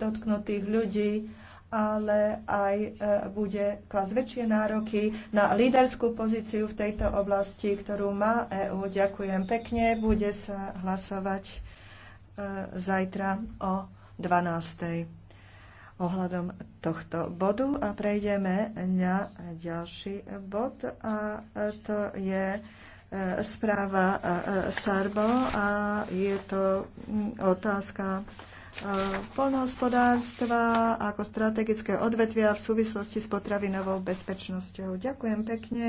dotknutých ľudí, ale aj e, bude klas väčšie nároky na líderskú pozíciu v tejto oblasti, ktorú má EÚ. Ďakujem pekne. Bude sa hlasovať e, zajtra o 12. ohľadom tohto bodu a prejdeme na ďalší bod a to je e, správa Sarbo a je to otázka Eh, polnohospodárstva ako strategické odvetvia v súvislosti s potravinovou bezpečnosťou. Ďakujem pekne.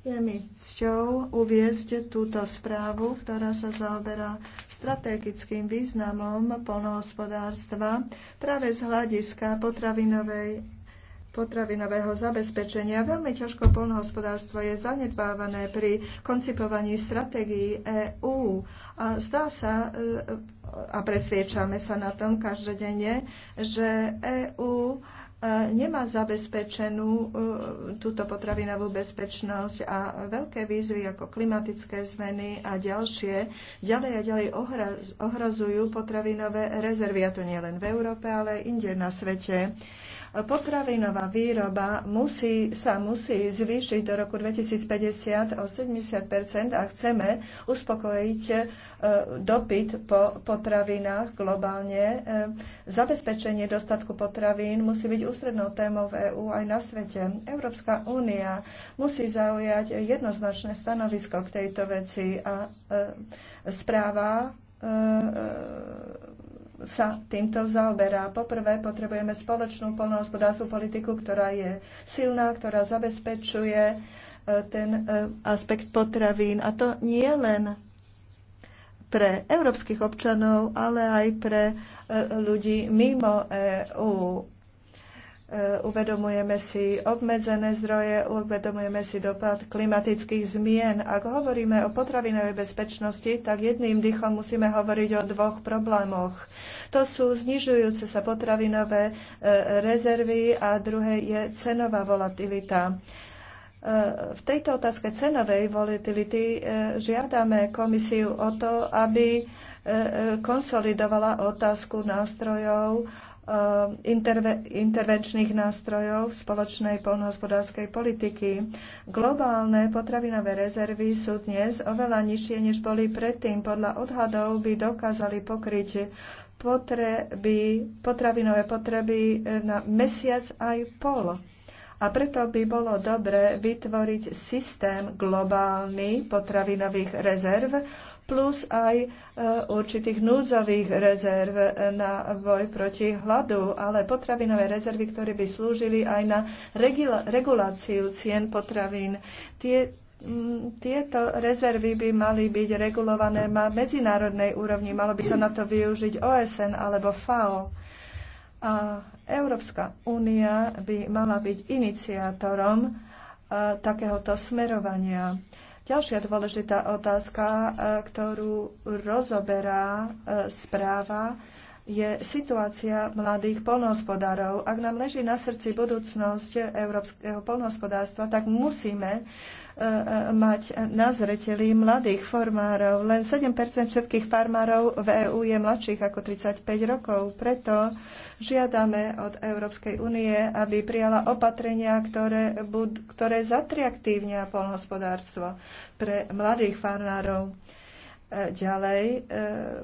Je mi cťou uviezť túto správu, ktorá sa zaoberá strategickým významom polnohospodárstva práve z hľadiska potravinovej potravinového zabezpečenia. Veľmi ťažko polnohospodárstvo je zanedbávané pri koncipovaní stratégií EÚ a zdá sa, e, a presviečame sa na tom každodenne, že EÚ e, nemá zabezpečenú e, túto potravinovú bezpečnosť a veľké výzvy ako klimatické zmeny a ďalšie ďalej a ďalej ohrozujú potravinové rezervy, a to nie len v Európe, ale inde na svete. Potravinová výroba musí, sa musí zvýšiť do roku 2050 o 70 a chceme uspokojiť e, dopyt po potravinách globálne. E, zabezpečenie dostatku potravín musí byť ústrednou témou v EÚ aj na svete. Európska únia musí zaujať jednoznačné stanovisko k tejto veci a e, správa sa týmto zaoberá. Poprvé potrebujeme spoločnú polnohospodárskú politiku, ktorá je silná, ktorá zabezpečuje e, ten e, aspekt potravín. A to nie len pre európskych občanov, ale aj pre e, ľudí mimo EÚ E, uvedomujeme si obmedzené zdroje, uvedomujeme si dopad klimatických zmien. Ak hovoríme o potravinovej bezpečnosti, tak jedným dýchom musíme hovoriť o dvoch problémoch. To sú znižujúce sa potravinové e, rezervy a druhé je cenová volatilita. E, v tejto otázke cenovej volatility žiadame komisiu o to, aby konsolidovala otázku nástrojov Eh, interve, intervenčných nástrojov v spoločnej polnohospodárskej politiky. Globálne potravinové rezervy sú dnes oveľa nižšie, než boli predtým. Podľa odhadov by dokázali pokryť potreby, potravinové potreby na mesiac aj pol. A preto by bolo dobre vytvoriť systém globálny potravinových rezerv plus aj e, určitých núdzových rezerv na boj proti hladu, ale potravinové rezervy, ktoré by slúžili aj na reguláciu cien potravín. Tie, tieto rezervy by mali byť regulované na medzinárodnej úrovni. Malo by sa na to využiť OSN alebo FAO. A Európska únia by mala byť iniciátorom e, takéhoto smerovania. Ďalšia dôležitá otázka, e, ktorú rozoberá e, správa, je situácia mladých polnohospodárov. Ak nám leží na srdci budúcnosť európskeho polnohospodárstva, tak musíme mať na zreteli mladých formárov, Len 7 všetkých farmárov v EÚ je mladších ako 35 rokov. Preto žiadame od Európskej únie, aby prijala opatrenia, ktoré, bud- ktoré zatriaktívnia polnohospodárstvo pre mladých farmárov. E, ďalej, e,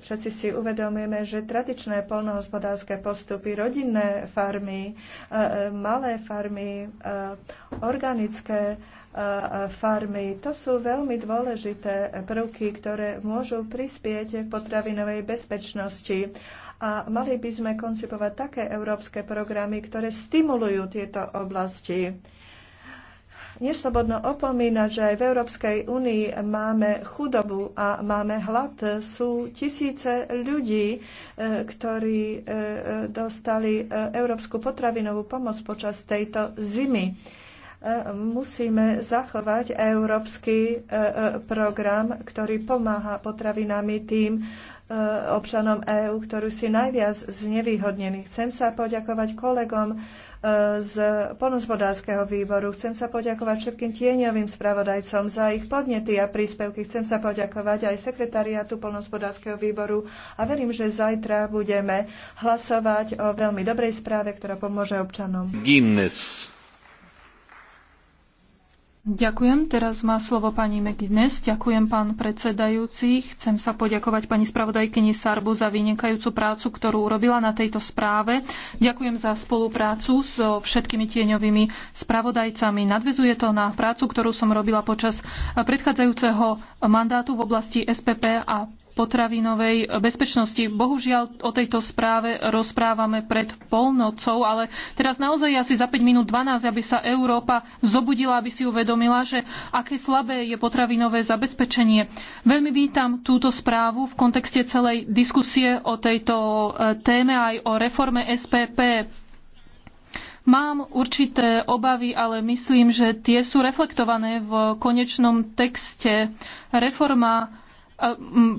všetci si uvedomujeme, že tradičné polnohospodárske postupy, rodinné farmy, e, malé farmy, organické farmy, to sú veľmi dôležité prvky, ktoré môžu prispieť k potravinovej bezpečnosti a mali by sme koncipovať také európske programy, ktoré stimulujú tieto oblasti neslobodno opomínať, že aj v Európskej únii máme chudobu a máme hlad. Sú tisíce ľudí, e, ktorí e, e, dostali európsku potravinovú pomoc počas tejto zimy musíme zachovať európsky program, ktorý pomáha potravinami tým Eh, občanom EÚ, ktorú si najviac znevýhodnení. Chcem sa poďakovať kolegom eh, z polnospodárskeho výboru. Chcem sa poďakovať všetkým tieňovým spravodajcom za ich podnety a príspevky. Chcem sa poďakovať aj sekretariátu polnospodárskeho výboru a verím, že zajtra budeme hlasovať o veľmi dobrej správe, ktorá pomôže občanom. Guinness. Ďakujem. Teraz má slovo pani McGuinness. Ďakujem, pán predsedajúci. Chcem sa poďakovať pani spravodajkyni Sarbu za vynikajúcu prácu, ktorú urobila na tejto správe. Ďakujem za spoluprácu so všetkými tieňovými spravodajcami. Nadvezuje to na prácu, ktorú som robila počas predchádzajúceho mandátu v oblasti SPP a potravinovej bezpečnosti. Bohužiaľ, o tejto správe rozprávame pred polnocou, ale teraz naozaj asi za 5 minút 12, aby sa Európa zobudila, aby si uvedomila, že aké slabé je potravinové zabezpečenie. Veľmi vítam túto správu v kontexte celej diskusie o tejto e, téme aj o reforme SPP. Mám určité obavy, ale myslím, že tie sú reflektované v konečnom texte. Reforma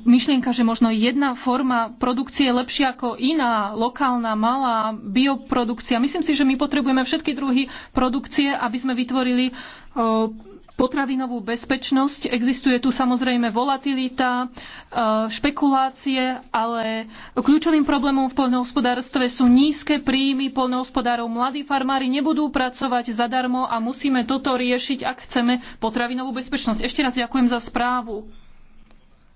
myšlienka, že možno jedna forma produkcie je lepšia ako iná, lokálna, malá, bioprodukcia. Myslím si, že my potrebujeme všetky druhy produkcie, aby sme vytvorili potravinovú bezpečnosť. Existuje tu samozrejme volatilita, špekulácie, ale kľúčovým problémom v poľnohospodárstve sú nízke príjmy poľnohospodárov. Mladí farmári nebudú pracovať zadarmo a musíme toto riešiť, ak chceme potravinovú bezpečnosť. Ešte raz ďakujem za správu.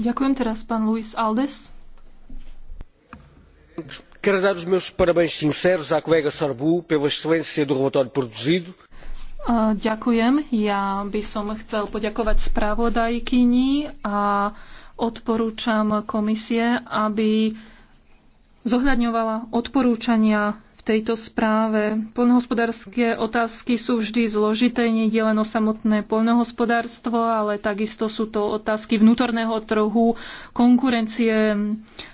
Ďakujem teraz pán Luis Aldes. Quero dar os meus parabéns sinceros à colega Sarbu pela excelência do relatório produzido. Ďakujem. Ja by som chcel poďakovať spravodajkyni a odporúčam komisie, aby zohľadňovala odporúčania v tejto správe. Poľnohospodárske otázky sú vždy zložité, nie len o samotné poľnohospodárstvo, ale takisto sú to otázky vnútorného trhu, konkurencie,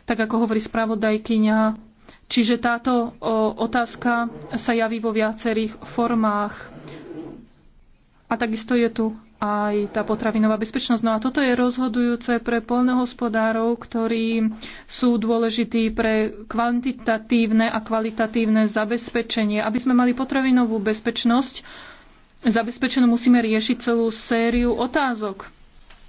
tak ako hovorí spravodajkyňa. Čiže táto otázka sa javí vo viacerých formách. A takisto je tu aj tá potravinová bezpečnosť. No a toto je rozhodujúce pre polnohospodárov, ktorí sú dôležití pre kvantitatívne a kvalitatívne zabezpečenie. Aby sme mali potravinovú bezpečnosť, zabezpečenú musíme riešiť celú sériu otázok.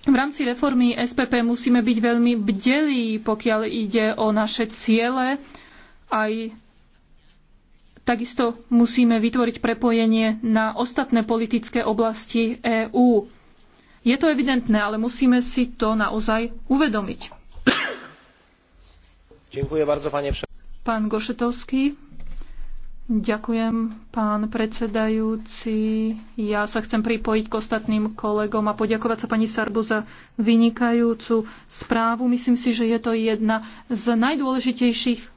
V rámci reformy SPP musíme byť veľmi bdelí, pokiaľ ide o naše ciele aj Takisto musíme vytvoriť prepojenie na ostatné politické oblasti EÚ. Je to evidentné, ale musíme si to naozaj uvedomiť. Pán Gošetovský. Ďakujem, pán predsedajúci. Ja sa chcem pripojiť k ostatným kolegom a poďakovať sa pani Sarbu za vynikajúcu správu. Myslím si, že je to jedna z najdôležitejších e,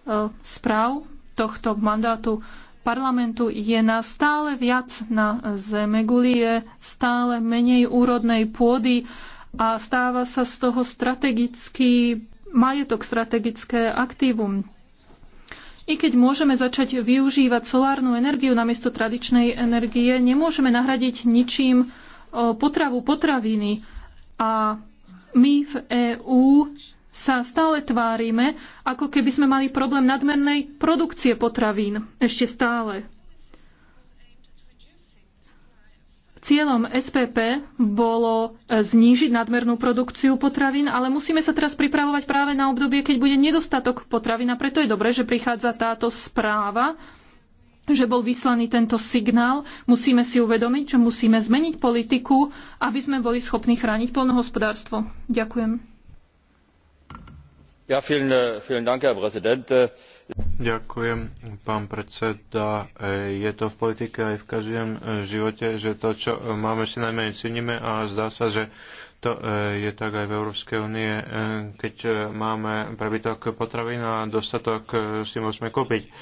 správ tohto mandátu parlamentu je na stále viac na zeme gulie, stále menej úrodnej pôdy a stáva sa z toho strategický majetok, strategické aktívum. I keď môžeme začať využívať solárnu energiu namiesto tradičnej energie, nemôžeme nahradiť ničím potravu potraviny. A my v EÚ sa stále tvárime, ako keby sme mali problém nadmernej produkcie potravín. Ešte stále. Cieľom SPP bolo e, znížiť nadmernú produkciu potravín, ale musíme sa teraz pripravovať práve na obdobie, keď bude nedostatok potravín a preto je dobré, že prichádza táto správa, že bol vyslaný tento signál. Musíme si uvedomiť, že musíme zmeniť politiku, aby sme boli schopní chrániť polnohospodárstvo. Ďakujem. Äh, äh, Ďakujem, pán predseda. Je to v politike aj v každodennom e, živote, že to, čo e, máme, si najmenej ceníme a zdá sa, že to e, je tak aj v Európskej únie. Keď máme prebytok potravín a dostatok si môžeme kúpiť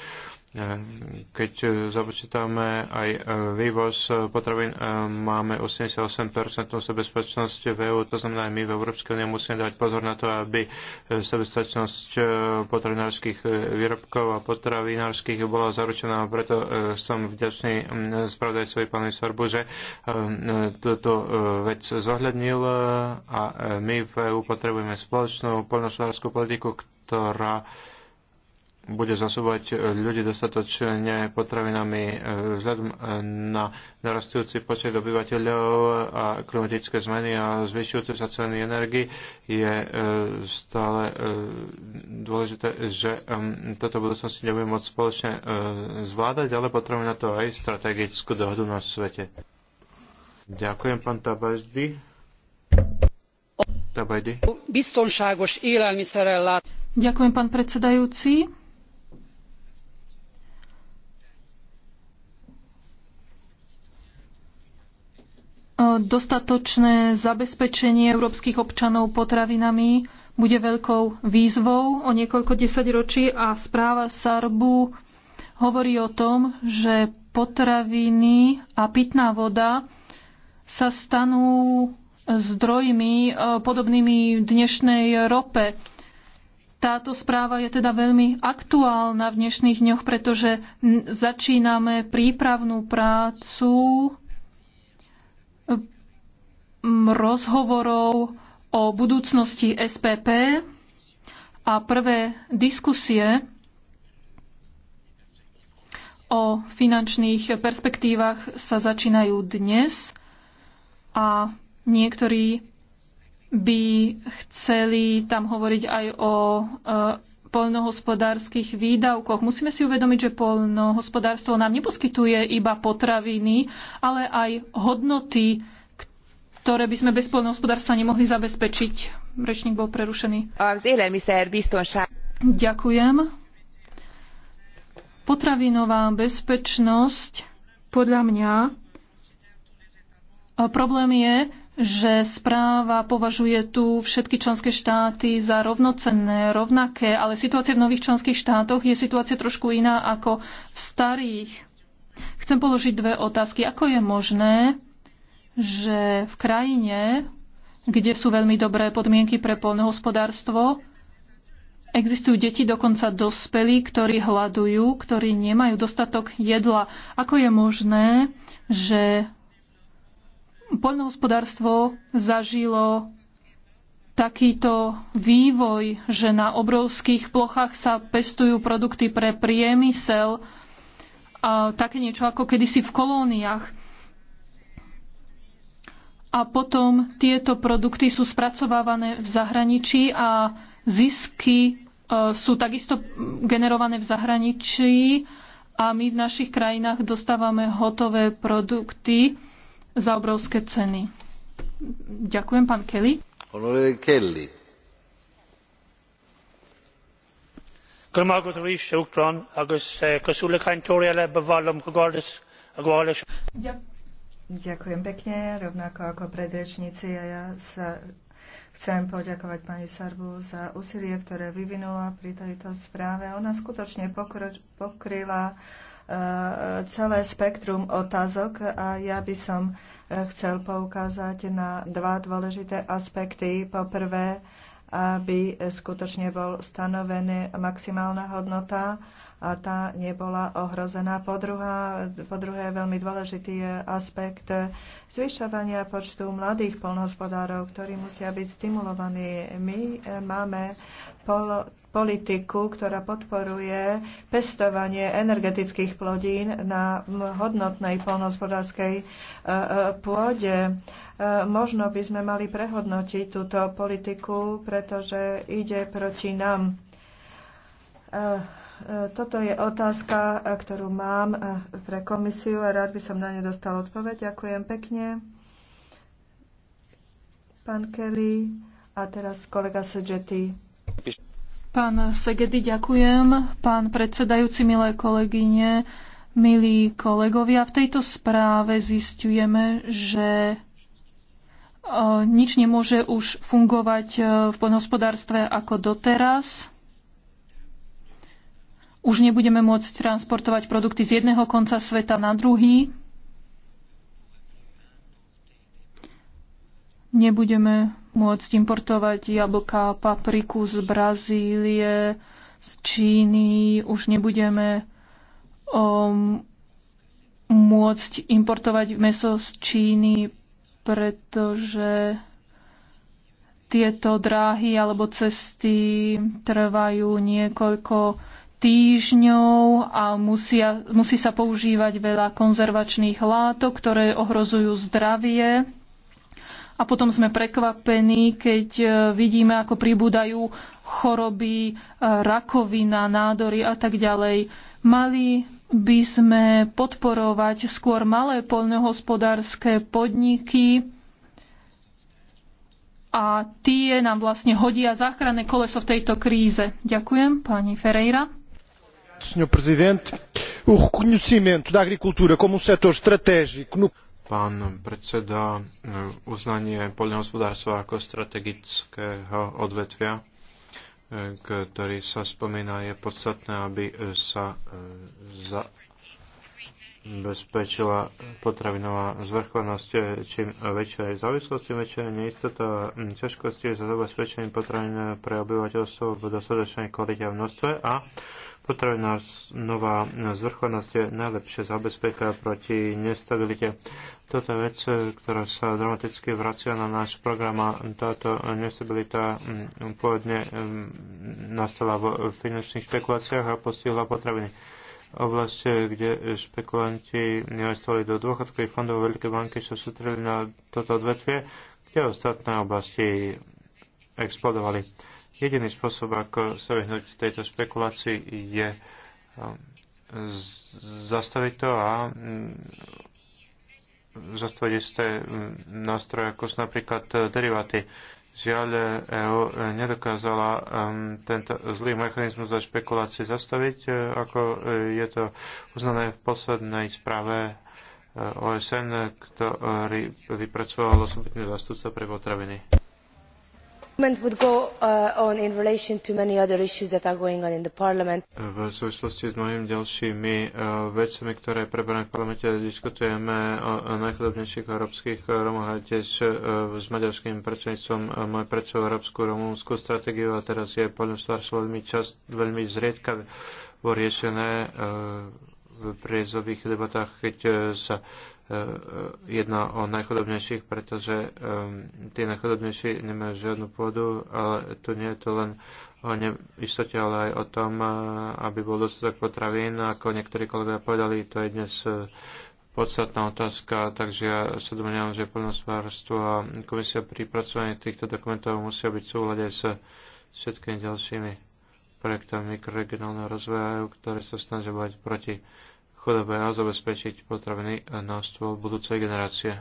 Eh, keď eh, započítame aj eh, vývoz potravín, máme 88% sebezpečnosť v EU, to znamená, aj my v Európskej unii musíme dať pozor na to, aby sebezpečnosť potravinárskych výrobkov a potravinárskych bola zaručená. Preto som vďačný mm, spravodajcovi pánovi Sorbu, že túto vec zohľadnil a my v EÚ potrebujeme spoločnú poľnohospodárskú politiku, ktorá bude zasobovať e, ľudí dostatočne potravinami e, vzhľadom e, na narastujúci počet obyvateľov a klimatické zmeny a zvyšujúce sa ceny energii je stále dôležité, že toto budúcnosti nebude môcť spoločne zvládať, ale potrebujeme na to aj strategickú dohodu na svete. Ďakujem, pán Tabajdi. Tabajdi. Ďakujem, pán predsedajúci dostatočné zabezpečenie európskych občanov potravinami bude veľkou výzvou o niekoľko desaťročí a správa Sarbu hovorí o tom, že potraviny a pitná voda sa stanú zdrojmi e, podobnými dnešnej rope. Táto správa je teda veľmi aktuálna v dnešných dňoch, pretože začíname prípravnú prácu rozhovorov o budúcnosti SPP a prvé diskusie o finančných perspektívach sa začínajú dnes a niektorí by chceli tam hovoriť aj o e, poľnohospodárskych výdavkoch. Musíme si uvedomiť, že poľnohospodárstvo nám neposkytuje iba potraviny, ale aj hodnoty, ktoré by sme bez poľnohospodárstva nemohli zabezpečiť. Rečník bol prerušený. élelmiszer biztonság. Ďakujem. Potravinová bezpečnosť podľa mňa e, problém je, že správa považuje tu všetky členské štáty za rovnocenné, rovnaké, ale situácia v nových členských štátoch je situácia trošku iná ako v starých. Chcem položiť dve otázky. Ako je možné, že v krajine, kde sú veľmi dobré podmienky pre polnohospodárstvo, Existujú deti, dokonca dospelí, ktorí hľadujú, ktorí nemajú dostatok jedla. Ako je možné, že poľnohospodárstvo zažilo takýto vývoj, že na obrovských plochách sa pestujú produkty pre priemysel, a také niečo ako kedysi v kolóniách a potom tieto produkty sú spracovávané v zahraničí a zisky e, sú takisto generované v zahraničí a my v našich krajinách dostávame hotové produkty za obrovské ceny. Ďakujem, pán Kelly. Kelly. Ďakujem. Ďakujem pekne, rovnako ako predrečníci a ja sa chcem poďakovať pani Sarbu za úsilie, ktoré vyvinula pri tejto správe. Ona skutočne pokryla e, celé spektrum otázok a ja by som e, chcel poukázať na dva dôležité aspekty. Poprvé, aby skutočne bol stanovená maximálna hodnota a tá nebola ohrozená. Po, druhá, po druhé, veľmi dôležitý je aspekt zvyšovania počtu mladých polnohospodárov, ktorí musia byť stimulovaní. My e, máme pol, politiku, ktorá podporuje pestovanie energetických plodín na hodnotnej polnohospodárskej e, e, pôde. Možno by sme mali prehodnotiť túto politiku, pretože ide proti nám E, toto je otázka, e, ktorú mám e, pre komisiu a rád by som na ňu dostal odpoveď. Ďakujem pekne. Pán Kelly a teraz kolega Sedžety. Pán Segedy, ďakujem. Pán predsedajúci, milé kolegyne, milí kolegovia, v tejto správe zistujeme, že nič nemôže už fungovať v poľnohospodárstve ako doteraz. Už nebudeme môcť transportovať produkty z jedného konca sveta na druhý. Nebudeme môcť importovať jablka, papriku z Brazílie, z Číny. Už nebudeme um, môcť importovať meso z Číny, pretože tieto dráhy alebo cesty trvajú niekoľko týždňov a musia, musí sa používať veľa konzervačných látok, ktoré ohrozujú zdravie. A potom sme prekvapení, keď e, vidíme, ako pribúdajú choroby, e, rakovina, nádory a tak ďalej. Mali by sme podporovať skôr malé poľnohospodárske podniky, a tie nám vlastne hodia záchranné koleso v tejto kríze. Ďakujem, pani Ferreira. Sr. Presidente. O reconhecimento da agricultura como um setor estratégico no pán predseda, uznanie poľnohospodárstva ako strategického odvetvia, eh, ktorý sa spomína, je podstatné, aby sa eh, zabezpečila potravinová zvrchovanosť. Eh, čím väčšia je závislosť, tým väčšia je neistota a hm, ťažkosti za zabezpečením potravín eh, pre obyvateľstvo v dostatočnej kvalite a množstve a potravinová nová hm, zvrchovanosť je najlepšie zabezpeka proti nestabilite. Toto je vec, eh, ktorá sa dramaticky vracia na náš program a táto nestabilita hm, pôvodne nastala v finančných špekuláciách a postihla potraviny oblasť, kde špekulanti investovali do dôchodkových fondov, veľké banky sa sústreli na toto odvetvie, kde ostatné oblasti explodovali. Jediný spôsob, ako sa vyhnúť tejto špekulácii, je um, zastaviť to a mm, zastaviť isté mm, nástroje, ako sú napríklad deriváty. Žiaľ, EU eh, eh, nedokázala ehm, tento zlý mechanizmus za špekulácie zastaviť, eh, ako je to uznané v poslednej správe OSN, ktorý vypracoval osobitný zastupca pre potraviny. V súvislosti s mnohými ďalšími uh, vecami, ktoré preberáme v parlamente, diskutujeme o najchudobnejších európskych Rómoch a tiež uh, s maďarským predsedníctvom uh, môj predsov európsku rómovskú stratégiu a teraz je poľnohospodárstvo veľmi, čas, veľmi zriedka riešené v priezových debatách, keď sa Eh, jedná o najchodobnejších, pretože eh, tí najchodobnejšie nemajú žiadnu pôdu, ale tu nie je to len o neistote, ale aj o tom, eh, aby bol dostatok potravín. Ako niektorí kolegovia povedali, to je dnes podstatná otázka, takže ja sa domňujem, že plnospárstvo a komisia pri pracovaní týchto dokumentov musia byť v súhľade s všetkými ďalšími projektami mikroregionálneho rozvoja, ktoré sa snažia bojať proti nás zabezpečiť potraviny množstvo budúcej generácie.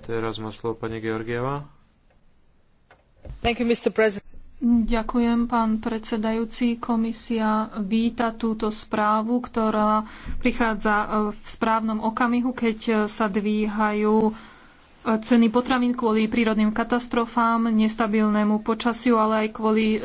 Teraz má slovo pani Georgieva. Ďakujem, pán predsedajúci. Komisia víta túto správu, ktorá prichádza eh, v správnom okamihu, keď eh, sa dvíhajú ceny potravín kvôli prírodným katastrofám, nestabilnému počasiu, ale aj kvôli e,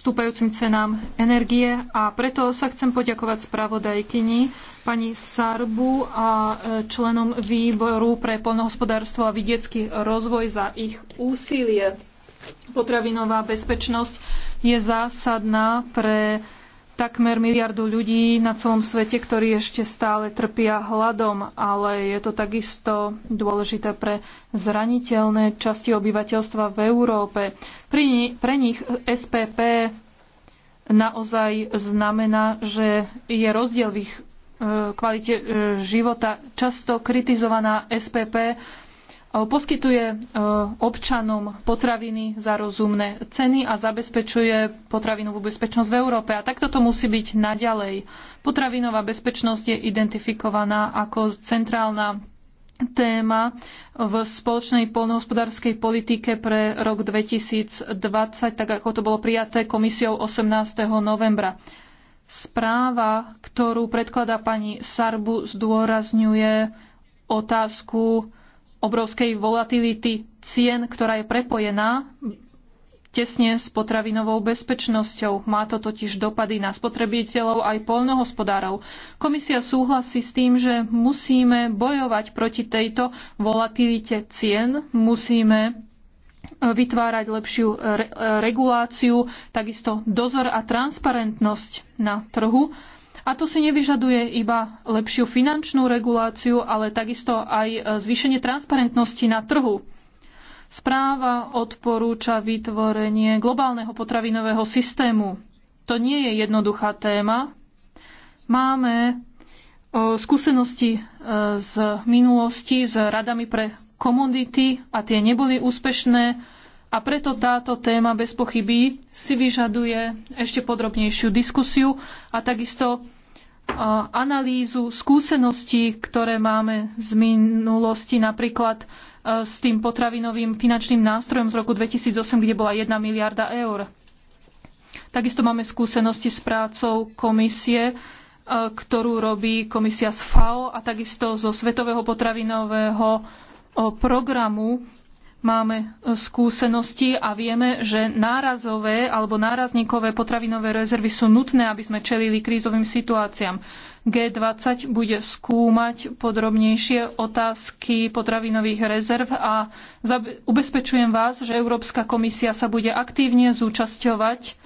stúpajúcim cenám energie. A preto sa chcem poďakovať spravodajkyni, pani Sarbu a e, členom výboru pre poľnohospodárstvo a vidiecký rozvoj za ich úsilie. Potravinová bezpečnosť je zásadná pre takmer miliardu ľudí na celom svete, ktorí ešte stále trpia hladom, ale je to takisto dôležité pre zraniteľné časti obyvateľstva v Európe. Pri, pre nich SPP naozaj znamená, že je rozdiel v ich e, kvalite e, života. Často kritizovaná SPP E, poskytuje e, občanom potraviny za rozumné ceny a zabezpečuje potravinovú bezpečnosť v Európe. A takto to musí byť naďalej. Potravinová bezpečnosť je identifikovaná ako centrálna téma v spoločnej poľnohospodárskej politike pre rok 2020, tak ako to bolo prijaté komisiou 18. novembra. Správa, ktorú predkladá pani Sarbu, zdôrazňuje otázku obrovskej volatility cien, ktorá je prepojená tesne s potravinovou bezpečnosťou. Má to totiž dopady na spotrebiteľov aj poľnohospodárov. Komisia súhlasí s tým, že musíme bojovať proti tejto volatilite cien, musíme e, vytvárať lepšiu re reguláciu, takisto dozor a transparentnosť na trhu a to si nevyžaduje iba lepšiu finančnú reguláciu, ale takisto aj e, zvýšenie transparentnosti na trhu. Správa odporúča vytvorenie globálneho potravinového systému. To nie je jednoduchá téma. Máme e, skúsenosti e, z minulosti s radami pre komodity a tie neboli úspešné a preto táto téma bez pochyby si vyžaduje ešte podrobnejšiu diskusiu a takisto analýzu skúseností, ktoré máme z minulosti, napríklad s tým potravinovým finančným nástrojom z roku 2008, kde bola 1 miliarda eur. Takisto máme skúsenosti s prácou komisie, ktorú robí komisia z FAO a takisto zo Svetového potravinového programu máme e, skúsenosti a vieme, že nárazové alebo nárazníkové potravinové rezervy sú nutné, aby sme čelili krízovým situáciám. G20 bude skúmať podrobnejšie otázky potravinových rezerv a ubezpečujem vás, že Európska komisia sa bude aktívne zúčasťovať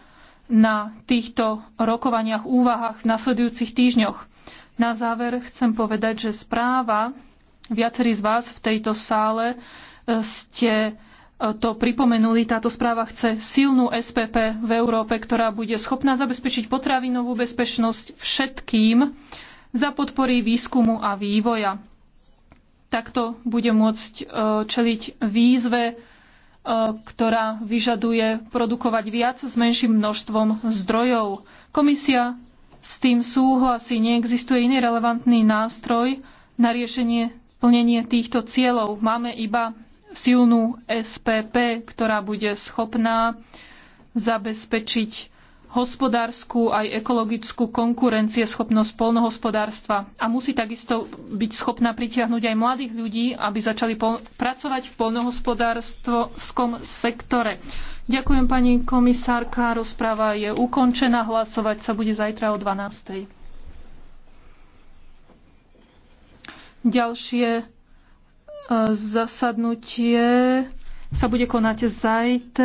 na týchto rokovaniach, úvahách v nasledujúcich týždňoch. Na záver chcem povedať, že správa viacerí z vás v tejto sále ste e, to pripomenuli. Táto správa chce silnú SPP v Európe, ktorá bude schopná zabezpečiť potravinovú bezpečnosť všetkým za podpory výskumu a vývoja. Takto bude môcť e, čeliť výzve, e, ktorá vyžaduje produkovať viac s menším množstvom zdrojov. Komisia s tým súhlasí, neexistuje iný relevantný nástroj na riešenie plnenie týchto cieľov. Máme iba silnú SPP, ktorá bude schopná zabezpečiť hospodárskú aj ekologickú konkurencieschopnosť polnohospodárstva. A musí takisto byť schopná pritiahnuť aj mladých ľudí, aby začali pracovať v polnohospodárstvovskom sektore. Ďakujem pani komisárka, rozpráva je ukončená, hlasovať sa bude zajtra o 12. Ďalšie E, zasadnutie sa bude konať zajtra.